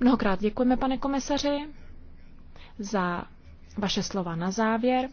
Mnohokrát děkujeme, pane komisaři, za vaše slova na závěr.